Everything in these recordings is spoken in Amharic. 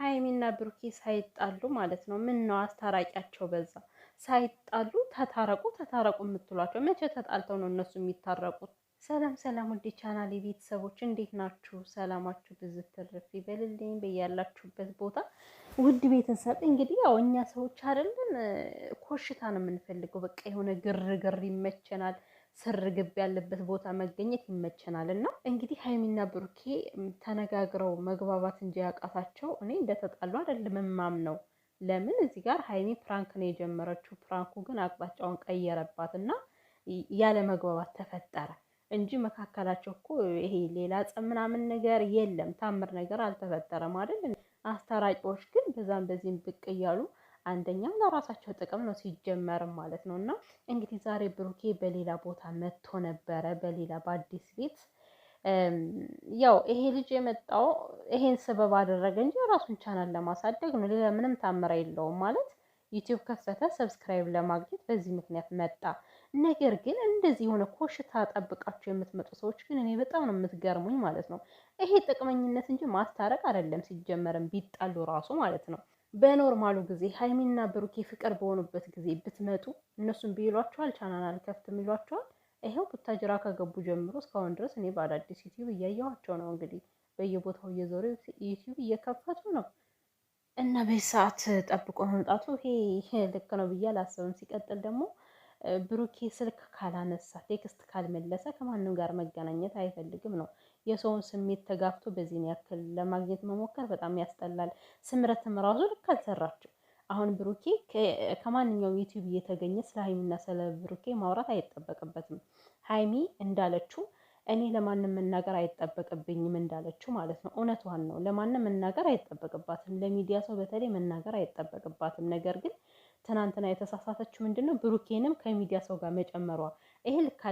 ሀይሚና ብሩኬ ሳይጣሉ ማለት ነው። ምን ነው አስታራቂያቸው በዛ። ሳይጣሉ ተታረቁ ተታረቁ የምትሏቸው መቼ ተጣልተው ነው እነሱ የሚታረቁት? ሰላም ሰላም፣ ውድ ቻናል የቤተሰቦች እንዴት ናችሁ? ሰላማችሁ ብዝት ትርፍ ይበልልኝ በያላችሁበት ቦታ። ውድ ቤተሰብ እንግዲህ ያው እኛ ሰዎች አይደለን ኮሽታ ነው የምንፈልገው። በቃ የሆነ ግርግር ይመቸናል። ስር ግብ ያለበት ቦታ መገኘት ይመቸናል። እና እንግዲህ ሀይሚና ብሩኬ ተነጋግረው መግባባት እንጂ ያቃታቸው እኔ እንደተጣሉ አይደለም እማም ነው። ለምን እዚህ ጋር ሀይሚ ፕራንክ ነው የጀመረችው። ፕራንኩ ግን አቅጣጫውን ቀየረባት እና ያለ መግባባት ተፈጠረ እንጂ መካከላቸው እኮ ይሄ ሌላ ጸብ ምናምን ነገር የለም። ታምር ነገር አልተፈጠረም አይደል? አስታራቂዎች ግን በዛም በዚህም ብቅ እያሉ አንደኛው ለራሳቸው ጥቅም ነው ሲጀመርም ማለት ነው። እና እንግዲህ ዛሬ ብሩኬ በሌላ ቦታ መጥቶ ነበረ፣ በሌላ በአዲስ ቤት ያው ይሄ ልጅ የመጣው ይሄን ስበብ አደረገ እንጂ ራሱን ቻናል ለማሳደግ ነው። ሌላ ምንም ታምራ የለውም ማለት ዩቲዩብ ከፈተ ሰብስክራይብ ለማግኘት በዚህ ምክንያት መጣ። ነገር ግን እንደዚህ የሆነ ኮሽታ ጠብቃቸው የምትመጡ ሰዎች ግን እኔ በጣም ነው የምትገርሙኝ ማለት ነው። ይሄ ጥቅመኝነት እንጂ ማስታረቅ አይደለም ሲጀመርም ቢጣሉ ራሱ ማለት ነው። በኖርማሉ ጊዜ ሀይሚና ብሩኬ ፍቅር በሆኑበት ጊዜ ብትመጡ እነሱን ብይሏቸዋል፣ ቻናል ከፍትም ይሏቸዋል። ይኸው ቡታጅራ ከገቡ ጀምሮ እስካሁን ድረስ እኔ በአዳዲስ ዩቲዩብ እያየኋቸው ነው። እንግዲህ በየቦታው እየዞሩ ዩቲዩብ እየከፈቱ ነው እና በዚህ ሰዓት ጠብቆ መምጣቱ ይሄ ልክ ነው ብዬ አላስብም። ሲቀጥል ደግሞ ብሩኬ ስልክ ካላነሳ ቴክስት ካልመለሰ ከማንም ጋር መገናኘት አይፈልግም ነው የሰውን ስሜት ተጋፍቶ በዚህን ያክል ለማግኘት መሞከር በጣም ያስጠላል። ስምረትም ራሱ ልክ አልሰራችው። አሁን ብሩኬ ከማንኛውም ዩቲዩብ እየተገኘ ስለ ሀይሚና ስለ ብሩኬ ማውራት አይጠበቅበትም። ሀይሚ እንዳለችው እኔ ለማንም መናገር አይጠበቅብኝም እንዳለችው ማለት ነው። እውነቷን ነው። ለማንም መናገር አይጠበቅባትም። ለሚዲያ ሰው በተለይ መናገር አይጠበቅባትም። ነገር ግን ትናንትና የተሳሳተችው ምንድን ነው? ብሩኬንም ከሚዲያ ሰው ጋር መጨመሯ። ይሄ ልክ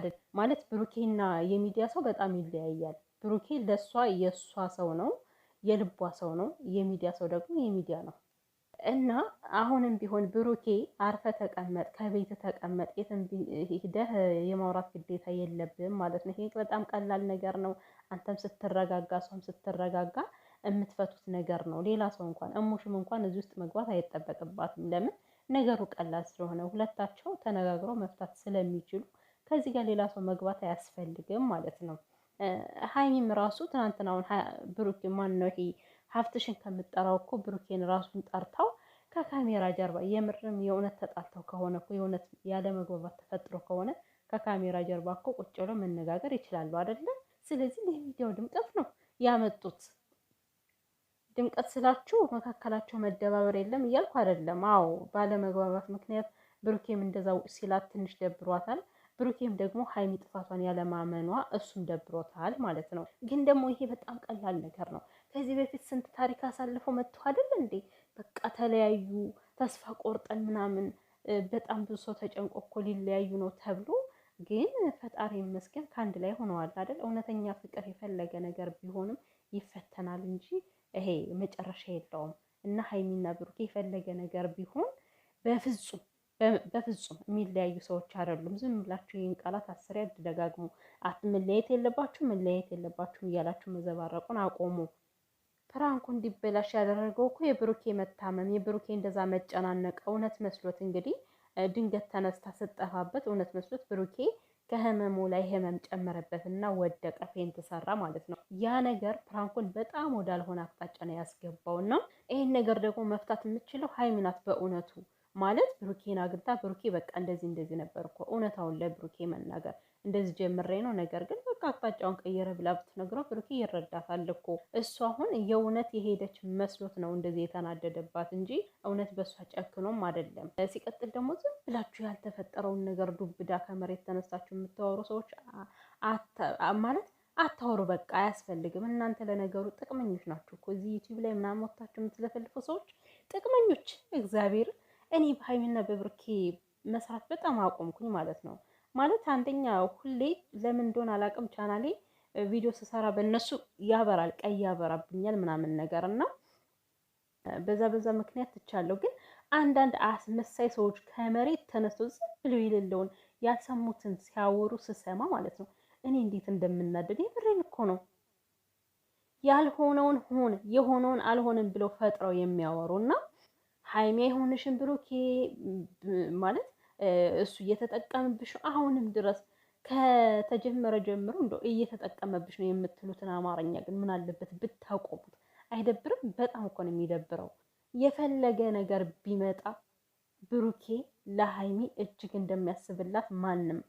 ማለት ብሩኬና የሚዲያ ሰው በጣም ይለያያል። ብሩኬ ለእሷ የእሷ ሰው ነው፣ የልቧ ሰው ነው። የሚዲያ ሰው ደግሞ የሚዲያ ነው እና አሁንም ቢሆን ብሩኬ አርፈ ተቀመጥ፣ ከቤት ተቀመጥ፣ የትም ሂደህ የማውራት ግዴታ የለብም ማለት ነው። ይሄ በጣም ቀላል ነገር ነው። አንተም ስትረጋጋ፣ እሷም ስትረጋጋ የምትፈቱት ነገር ነው። ሌላ ሰው እንኳን እሙሽም እንኳን እዚህ ውስጥ መግባት አይጠበቅባትም። ለምን ነገሩ ቀላል ስለሆነ ሁለታቸው ተነጋግረው መፍታት ስለሚችሉ ከዚህ ጋር ሌላ ሰው መግባት አያስፈልግም ማለት ነው። ሀይሚም ራሱ ትናንትናውን ብሩኬ ማን ነው ይሄ ሀብትሽን ከምጠራው እኮ ብሩኬን ራሱን ጠርታው ከካሜራ ጀርባ የምርም የእውነት ተጣልተው ከሆነ እኮ የእውነት ያለመግባባት ተፈጥሮ ከሆነ ከካሜራ ጀርባ እኮ ቁጭ ብለው መነጋገር ይችላሉ አይደለም። ስለዚህ ለሚዲያው ድምቀት ነው ያመጡት። ድምቀት ስላችሁ መካከላቸው መደባበር የለም እያልኩ አይደለም። አዎ ባለመግባባት ምክንያት ብሩኬም እንደዛ ሲላት ትንሽ ደብሯታል። ብሩኬም ደግሞ ሀይሚ ጥፋቷን ያለማመኗ እሱም ደብሮታል ማለት ነው። ግን ደግሞ ይሄ በጣም ቀላል ነገር ነው። ከዚህ በፊት ስንት ታሪክ አሳልፎ መጥቶ አይደል እንዴ? በቃ ተለያዩ፣ ተስፋ ቆርጠን ምናምን በጣም ብዙ ሰው ተጨንቆ እኮ ሊለያዩ ነው ተብሎ ግን ፈጣሪ ይመስገን ከአንድ ላይ ሆነዋል አይደል? እውነተኛ ፍቅር የፈለገ ነገር ቢሆንም ይፈተናል እንጂ ይሄ መጨረሻ የለውም እና ሀይሚና ብሩኬ የፈለገ ነገር ቢሆን በፍጹም በፍጹም የሚለያዩ ሰዎች አይደሉም። ዝም ብላችሁ ይህን ቃላት አስሬ አደጋግሙ። መለያየት የለባችሁ መለያየት የለባችሁም እያላችሁ መዘባረቁን አቆሙ። ፍራንኩ እንዲበላሽ ያደረገው እኮ የብሩኬ መታመም፣ የብሩኬ እንደዛ መጨናነቅ እውነት መስሎት እንግዲህ ድንገት ተነስታ ስጠፋበት እውነት መስሎት ብሩኬ ከህመሙ ላይ ህመም ጨመረበት እና ወደቀ፣ ፌን ተሰራ ማለት ነው። ያ ነገር ፍራንኩን በጣም ወዳልሆነ አቅጣጫ ነው ያስገባው። እና ይህን ነገር ደግሞ መፍታት የምችለው ሀይሚ ናት በእውነቱ ማለት ብሩኬን አግኝታ ብሩኬ በቃ እንደዚህ እንደዚህ ነበር እኮ እውነታውን ለብሩኬ መናገር እንደዚህ ጀምሬ ነው፣ ነገር ግን በቃ አቅጣጫውን ቀየረ ብላ ብትነግረው ብሩኬ ይረዳታል እኮ። እሱ አሁን የእውነት የሄደች መስሎት ነው እንደዚህ የተናደደባት እንጂ እውነት በእሷ ጨክኖም አይደለም። ሲቀጥል ደግሞ ዝም ብላችሁ ያልተፈጠረውን ነገር ዱብዳ ከመሬት ተነሳችሁ የምታወሩ ሰዎች ማለት አታወሩ። በቃ አያስፈልግም። እናንተ ለነገሩ ጥቅመኞች ናችሁ እኮ እዚህ ዩቲዩብ ላይ ምናምን ወታችሁ የምትለፈልፉ ሰዎች ጥቅመኞች እግዚአብሔርን እኔ በሀይሚና በብርኬ መስራት በጣም አቆምኩኝ ማለት ነው። ማለት አንደኛ ሁሌ ለምን እንደሆነ አላውቅም፣ ቻናሌ ቪዲዮ ስሰራ በእነሱ ያበራል፣ ቀይ ያበራብኛል ምናምን ነገር እና በዛ በዛ ምክንያት ትቻለሁ። ግን አንዳንድ አስመሳይ ሰዎች ከመሬት ተነስቶ ዝም ብለው የሌለውን ያልሰሙትን ሲያወሩ ስሰማ ማለት ነው እኔ እንዴት እንደምናደድ የምሬን እኮ ነው። ያልሆነውን ሆን የሆነውን አልሆንም ብለው ፈጥረው የሚያወሩ እና ሀይሜ የሆንሽን ብሩኬ ማለት እሱ እየተጠቀምብሽ አሁንም ድረስ ከተጀመረ ጀምሮ እንደው እየተጠቀመብሽ ነው የምትሉትን አማርኛ ግን ምን አለበት ብታቆሙት፣ አይደብርም? በጣም እኮ ነው የሚደብረው። የፈለገ ነገር ቢመጣ ብሩኬ ለሀይሚ እጅግ እንደሚያስብላት ማንም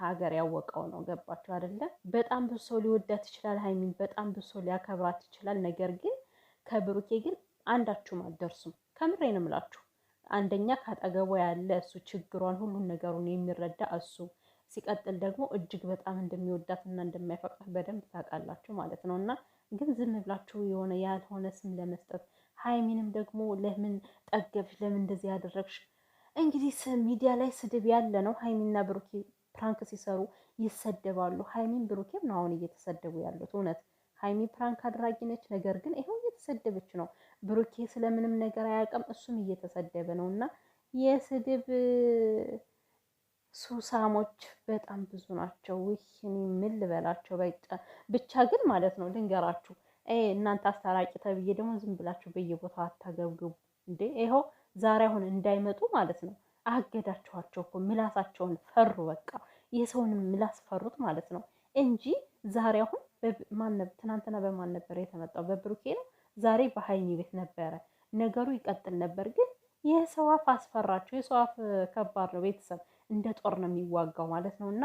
ሀገር ያወቀው ነው። ገባችሁ አይደለ? በጣም ብዙ ሰው ሊወዳት ይችላል ሀይሚን፣ በጣም ብዙ ሰው ሊያከብራት ይችላል። ነገር ግን ከብሩኬ ግን አንዳችሁም አልደርሱም። ከምሬ ነው የምላችሁ። አንደኛ ካጠገቧ ያለ እሱ ችግሯን፣ ሁሉን ነገሩን የሚረዳ እሱ ሲቀጥል ደግሞ እጅግ በጣም እንደሚወዳት እና እንደሚያፈቅራት በደንብ ታውቃላችሁ ማለት ነው። እና ግን ዝም ብላችሁ የሆነ ያልሆነ ስም ለመስጠት ሀይሚንም ደግሞ ለምን ጠገብሽ፣ ለምን እንደዚህ ያደረግሽ። እንግዲህ ሚዲያ ላይ ስድብ ያለ ነው። ሀይሚና ብሩኬ ፕራንክ ሲሰሩ ይሰደባሉ። ሀይሚን ብሩኬም ነው አሁን እየተሰደቡ ያሉት እውነት ሀይሚ ፕራንክ አድራጊ ነች። ነገር ግን ይኸው እየተሰደበች ነው። ብሩኬ ስለምንም ነገር አያውቅም፣ እሱም እየተሰደበ ነው። እና የስድብ ሱሳሞች በጣም ብዙ ናቸው። ይህን ምን ልበላቸው? ብቻ ግን ማለት ነው ልንገራችሁ፣ እናንተ አስታራቂ ተብዬ ደግሞ ዝም ብላችሁ በየቦታው አታገብግቡ እንዴ! ይኸው ዛሬ አሁን እንዳይመጡ ማለት ነው አገዳችኋቸው እኮ ምላሳቸውን ፈሩ። በቃ የሰውንም ምላስ ፈሩት ማለት ነው እንጂ ዛሬ አሁን ማን ትናንትና በማን ነበር የተመጣው? በብሩኬ ነው። ዛሬ በሀይሚ ቤት ነበረ። ነገሩ ይቀጥል ነበር፣ ግን የሰው አፍ አስፈራቸው። የሰው አፍ ከባድ ነው። ቤተሰብ እንደ ጦር ነው የሚዋጋው ማለት ነው። እና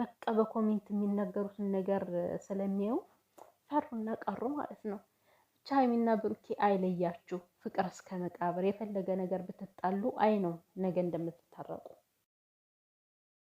በቃ በኮሜንት የሚነገሩትን ነገር ስለሚያዩ ፈሩና ቀሩ ማለት ነው። ብቻ ሀይሚና ብሩኬ አይለያችሁ፣ ፍቅር እስከ መቃብር። የፈለገ ነገር ብትጣሉ አይ ነው ነገ እንደምትታረቁ